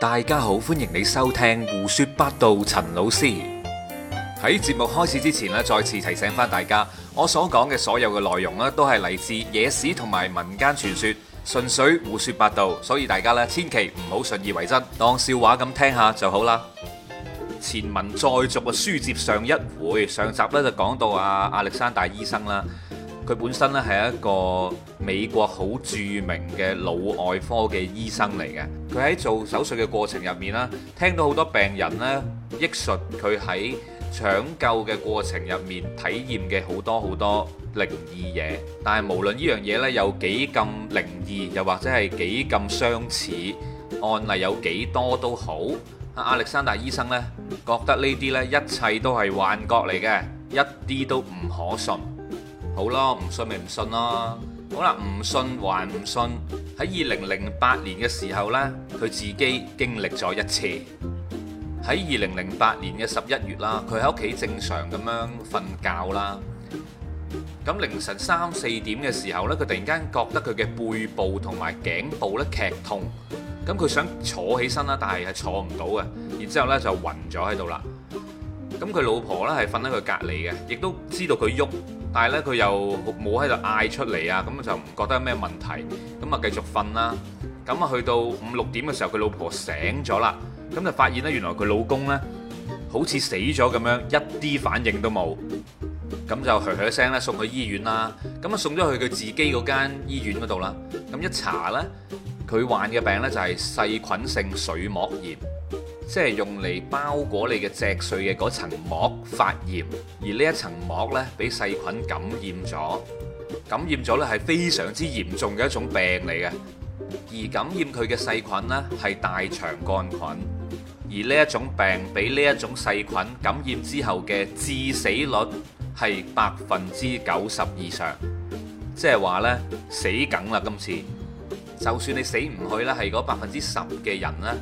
大家好，歡迎你收聽胡說八道。陳老師喺節目開始之前咧，再次提醒翻大家，我所講嘅所有嘅內容咧，都係嚟自野史同埋民間傳說，純粹胡說八道，所以大家咧千祈唔好信以為真，當笑話咁聽下就好啦。前文再續嘅書接上一回，上集咧就講到阿亞歷山大醫生啦，佢本身咧係一個美國好著名嘅腦外科嘅醫生嚟嘅。佢喺做手術嘅過程入面啦，聽到好多病人呢，憶述佢喺搶救嘅過程入面體驗嘅好多好多靈異嘢。但係無論呢樣嘢呢有幾咁靈異，又或者係幾咁相似案例有幾多都好，阿歷山大醫生呢覺得呢啲呢一切都係幻覺嚟嘅，一啲都唔可信。好咯，唔信咪唔信咯。好啦，唔信還唔信。喺二零零八年嘅時候呢，佢自己經歷咗一次。喺二零零八年嘅十一月啦，佢喺屋企正常咁樣瞓覺啦。咁凌晨三四點嘅時候呢，佢突然間覺得佢嘅背部同埋頸部咧劇痛。咁佢想坐起身啦，但係係坐唔到嘅。然之後呢，就暈咗喺度啦。咁佢老婆呢，係瞓喺佢隔離嘅，亦都知道佢喐。但係咧，佢又冇喺度嗌出嚟啊！咁就唔覺得有咩問題，咁啊繼續瞓啦。咁啊，去到五六點嘅時候，佢老婆醒咗啦，咁就發現咧，原來佢老公咧好似死咗咁樣，一啲反應都冇。咁就噏噏聲咧，送去醫院啦。咁啊，送咗去佢自己嗰間醫院嗰度啦。咁一查咧，佢患嘅病咧就係細菌性水膜炎。即係用嚟包裹你嘅脊髓嘅嗰層膜發炎，而呢一層膜呢，俾細菌感染咗，感染咗呢係非常之嚴重嘅一種病嚟嘅。而感染佢嘅細菌呢，係大腸桿菌，而呢一種病俾呢一種細菌感染之後嘅致死率係百分之九十以上，即係話呢，死梗啦今次，就算你死唔去啦，係嗰百分之十嘅人呢。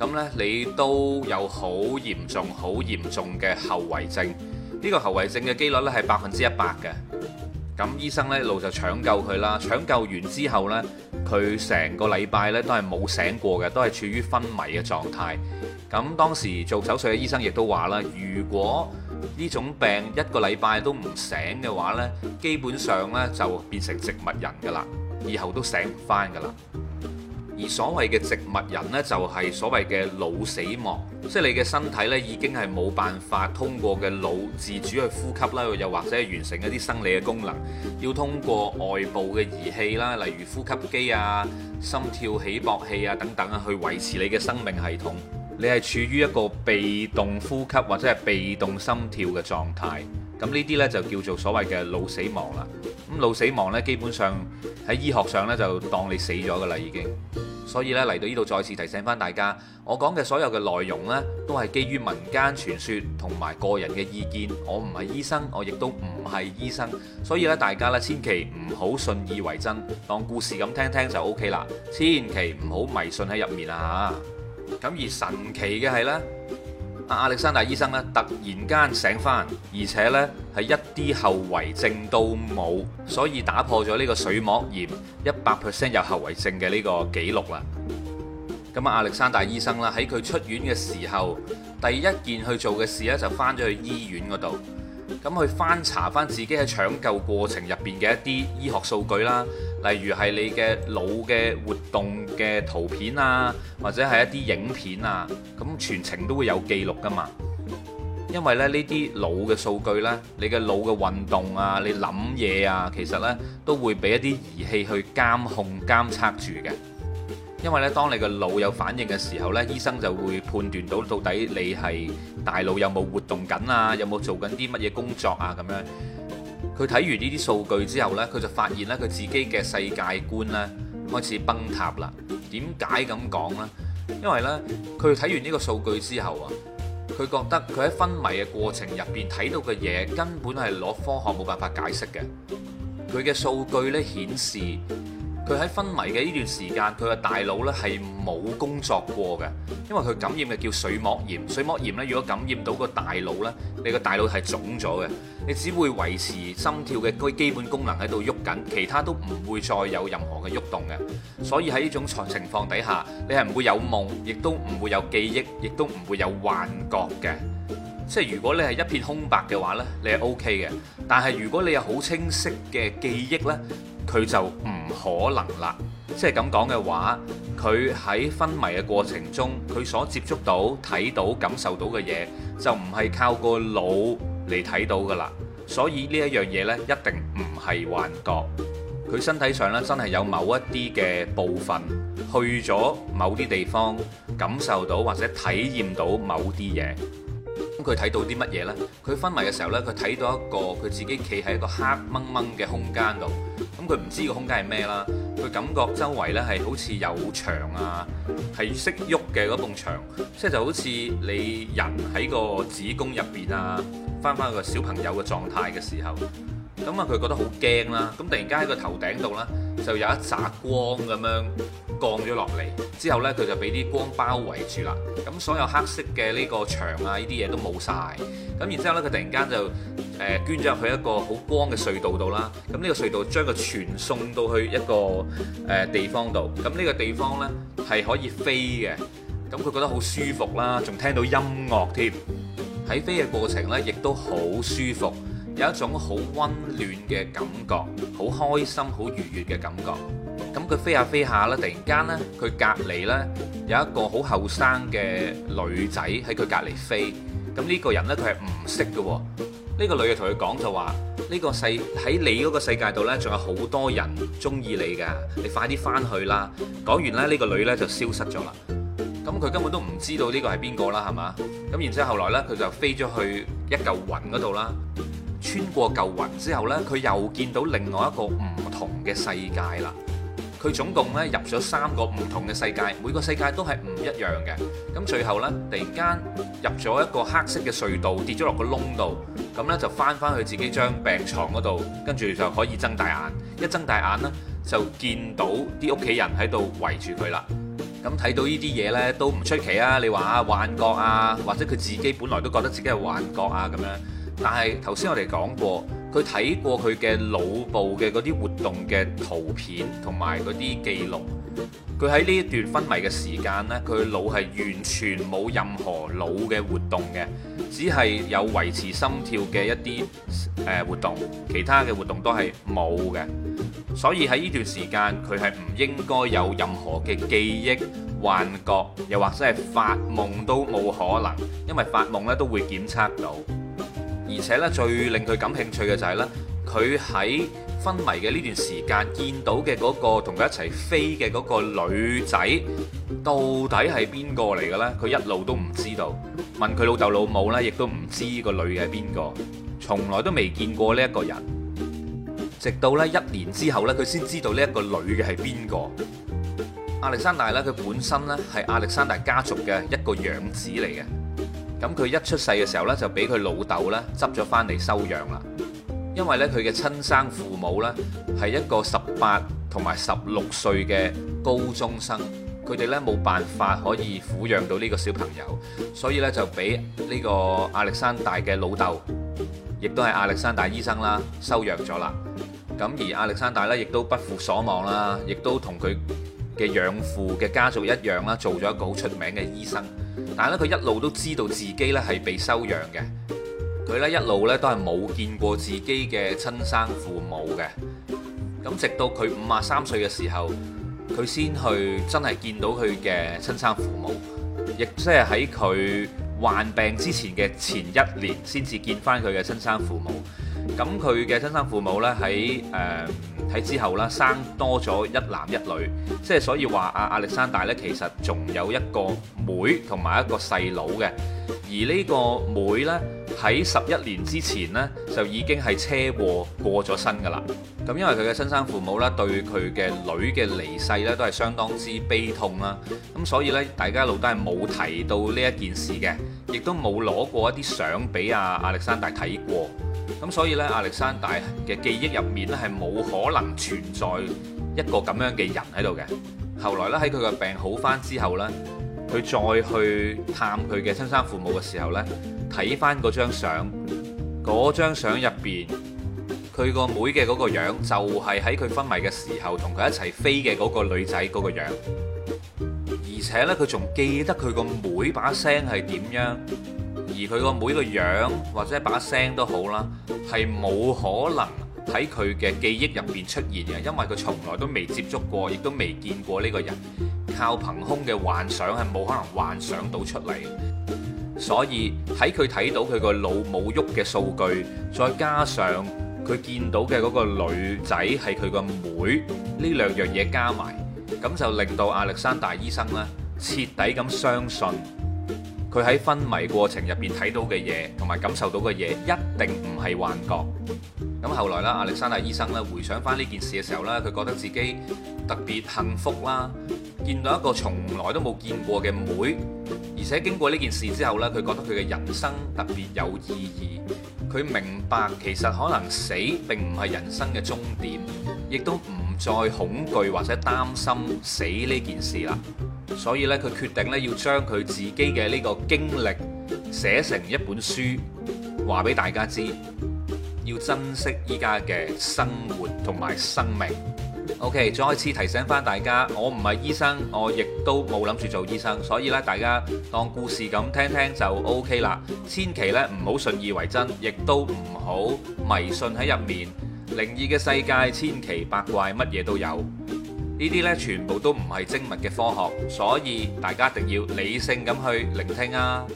咁咧，你都有好嚴重、好嚴重嘅後遺症。呢個後遺症嘅幾率咧係百分之一百嘅。咁醫生咧一路就搶救佢啦，搶救完之後咧，佢成個禮拜咧都係冇醒過嘅，都係處於昏迷嘅狀態。咁當時做手術嘅醫生亦都話啦，如果呢種病一個禮拜都唔醒嘅話咧，基本上咧就變成植物人㗎啦，以後都醒唔返㗎啦。而所謂嘅植物人呢，就係所謂嘅腦死亡，即係你嘅身體呢，已經係冇辦法通過嘅腦自主去呼吸啦，又或者係完成一啲生理嘅功能，要通過外部嘅儀器啦，例如呼吸機啊、心跳起搏器啊等等啊，去維持你嘅生命系統。你係處於一個被動呼吸或者係被動心跳嘅狀態。咁呢啲呢，就叫做所謂嘅腦死亡啦。咁腦死亡咧，基本上喺醫學上咧就當你死咗噶啦，已經。所以咧，嚟到呢度再次提醒翻大家，我講嘅所有嘅內容咧，都係基於民間傳說同埋個人嘅意見。我唔係醫生，我亦都唔係醫生。所以咧，大家咧千祈唔好信以為真，當故事咁聽聽就 OK 啦。千祈唔好迷信喺入面啦！吓，咁而神奇嘅係呢。阿力山大醫生咧，突然間醒翻，而且咧係一啲後遺症都冇，所以打破咗呢個水膜炎一百 percent 有後遺症嘅呢個紀錄啦。咁阿力山大醫生啦，喺佢出院嘅時候，第一件去做嘅事咧，就翻咗去醫院嗰度。咁去翻查返自己喺搶救過程入邊嘅一啲醫學數據啦，例如係你嘅腦嘅活動嘅圖片啊，或者係一啲影片啊，咁全程都會有記錄㗎嘛。因為咧呢啲腦嘅數據呢，你嘅腦嘅運動啊，你諗嘢啊，其實呢都會俾一啲儀器去監控監測住嘅。因為咧，當你個腦有反應嘅時候咧，醫生就會判斷到到底你係大腦有冇活動緊啊，有冇做緊啲乜嘢工作啊咁樣。佢睇完呢啲數據之後呢，佢就發現呢佢自己嘅世界觀呢開始崩塌啦。點解咁講呢？因為呢，佢睇完呢個數據之後啊，佢覺得佢喺昏迷嘅過程入邊睇到嘅嘢根本係攞科學冇辦法解釋嘅。佢嘅數據呢顯示。佢喺昏迷嘅呢段時間，佢嘅大腦咧係冇工作過嘅，因為佢感染嘅叫水膜炎。水膜炎咧，如果感染到個大腦咧，你個大腦係腫咗嘅，你只會維持心跳嘅基基本功能喺度喐緊，其他都唔會再有任何嘅喐動嘅。所以喺呢種情況底下，你係唔會有夢，亦都唔會有記憶，亦都唔會有幻覺嘅。即係如果你係一片空白嘅話咧，你係 OK 嘅。但係如果你有好清晰嘅記憶咧，佢就唔可能啦，即係咁講嘅話，佢喺昏迷嘅過程中，佢所接觸到、睇到、感受到嘅嘢，就唔係靠個腦嚟睇到㗎喇。所以呢一樣嘢呢，一定唔係幻覺。佢身體上呢，真係有某一啲嘅部分去咗某啲地方，感受到或者體驗到某啲嘢。咁佢睇到啲乜嘢呢？佢昏迷嘅時候呢，佢睇到一個佢自己企喺個黑掹掹嘅空間度。咁佢唔知個空間係咩啦。佢感覺周圍呢係好似有牆啊，係識喐嘅嗰埲牆，即係就好似你人喺個子宮入邊啊，翻翻個小朋友嘅狀態嘅時候，咁啊佢覺得好驚啦。咁突然間喺個頭頂度呢，就有一紮光咁樣。降咗落嚟之後呢，佢就俾啲光包圍住啦。咁所有黑色嘅呢個牆啊，呢啲嘢都冇晒。咁然之後呢，佢突然間就誒、呃、捐咗入去一個好光嘅隧道度啦。咁、這、呢個隧道將佢傳送到去一個誒、呃、地方度。咁、這、呢個地方呢，係可以飛嘅。咁佢覺得好舒服啦，仲聽到音樂添。喺飛嘅過程呢，亦都好舒服，有一種好溫暖嘅感覺，好開心，好愉悅嘅感覺。咁佢飛下飛下啦，突然間呢，佢隔離呢有一個好後生嘅女仔喺佢隔離飛。咁、這、呢個人呢，佢係唔識嘅喎。呢個女嘅同佢講就話：呢、這個世喺你嗰個世界度呢，仲有好多人中意你㗎。你快啲翻去啦！講完呢，呢個女呢就消失咗啦。咁佢根本都唔知道呢個係邊個啦，係嘛？咁然之後，後來呢，佢就飛咗去一嚿雲嗰度啦。穿過嚿雲之後呢，佢又見到另外一個唔同嘅世界啦。佢總共咧入咗三個唔同嘅世界，每個世界都係唔一樣嘅。咁最後呢，突然間入咗一個黑色嘅隧道，跌咗落個窿度，咁呢，就翻翻去自己張病床嗰度，跟住就可以睜大眼。一睜大眼呢，就見到啲屋企人喺度圍住佢啦。咁睇到呢啲嘢呢，都唔出奇啊！你話啊幻覺啊，或者佢自己本來都覺得自己係幻覺啊咁樣。但係頭先我哋講過。佢睇過佢嘅腦部嘅嗰啲活動嘅圖片同埋嗰啲記錄，佢喺呢一段昏迷嘅時間呢，佢腦係完全冇任何腦嘅活動嘅，只係有維持心跳嘅一啲誒活動，其他嘅活動都係冇嘅。所以喺呢段時間，佢係唔應該有任何嘅記憶、幻覺，又或者係發夢都冇可能，因為發夢咧都會檢測到。而且咧，最令佢感興趣嘅就係咧，佢喺昏迷嘅呢段時間見到嘅嗰個同佢一齊飛嘅嗰個女仔，到底係邊個嚟嘅咧？佢一路都唔知道，問佢老豆老母咧，亦都唔知個女嘅係邊個，從來都未見過呢一個人。直到咧一年之後咧，佢先知道呢一個女嘅係邊個。亞歷山大咧，佢本身咧係亞歷山大家族嘅一個養子嚟嘅。咁佢一出世嘅時候呢，就俾佢老豆呢執咗翻嚟收養啦。因為呢佢嘅親生父母呢係一個十八同埋十六歲嘅高中生，佢哋呢冇辦法可以撫養到呢個小朋友，所以呢就俾呢個亞歷山大嘅老豆，亦都係亞歷山大醫生啦，收養咗啦。咁而亞歷山大呢亦都不負所望啦，亦都同佢嘅養父嘅家族一樣啦，做咗一個好出名嘅醫生。但咧，佢一路都知道自己咧係被收養嘅，佢咧一路咧都係冇見過自己嘅親生父母嘅。咁直到佢五啊三歲嘅時候，佢先去真係見到佢嘅親生父母，亦即係喺佢患病之前嘅前一年，先至見返佢嘅親生父母。咁佢嘅親生父母咧喺誒，呃睇之後啦，生多咗一男一女，即係所以話啊，亞歷山大呢其實仲有一個妹同埋一個細佬嘅，而呢個妹呢，喺十一年之前呢，就已經係車禍過咗身噶啦。咁因為佢嘅親生父母呢，對佢嘅女嘅離世呢，都係相當之悲痛啦。咁所以呢，大家一路都係冇提到呢一件事嘅，亦都冇攞過一啲相俾阿亞歷山大睇過。咁所以呢，亞歷山大嘅記憶入面呢，係冇可能存在一個咁樣嘅人喺度嘅。後來呢，喺佢嘅病好返之後呢，佢再去探佢嘅親生父母嘅時候呢，睇返嗰張相，嗰張相入邊佢個妹嘅嗰個樣就係喺佢昏迷嘅時候同佢一齊飛嘅嗰個女仔嗰個樣，而且呢，佢仲記得佢個妹把聲係點樣。而佢個妹個樣或者把聲都好啦，係冇可能喺佢嘅記憶入邊出現嘅，因為佢從來都未接觸過，亦都未見過呢個人，靠憑空嘅幻想係冇可能幻想到出嚟。所以喺佢睇到佢個腦冇喐嘅數據，再加上佢見到嘅嗰個女仔係佢個妹，呢兩樣嘢加埋，咁就令到亞歷山大醫生呢徹底咁相信。佢喺昏迷過程入邊睇到嘅嘢，同埋感受到嘅嘢，一定唔係幻覺。咁後來啦，亞歷山大醫生咧回想翻呢件事嘅時候咧，佢覺得自己特別幸福啦，見到一個從來都冇見過嘅妹妹，而且經過呢件事之後咧，佢覺得佢嘅人生特別有意義。佢明白其實可能死並唔係人生嘅終點，亦都唔再恐懼或者擔心死呢件事啦。所以咧，佢決定咧要將佢自己嘅呢個經歷寫成一本書，話俾大家知，要珍惜依家嘅生活同埋生命。OK，再一次提醒翻大家，我唔係醫生，我亦都冇諗住做醫生，所以咧，大家當故事咁聽聽就 OK 啦。千祈咧，唔好信以為真，亦都唔好迷信喺入面。靈異嘅世界千奇百怪，乜嘢都有。呢啲呢，全部都唔係精密嘅科學，所以大家一定要理性咁去聆聽啊。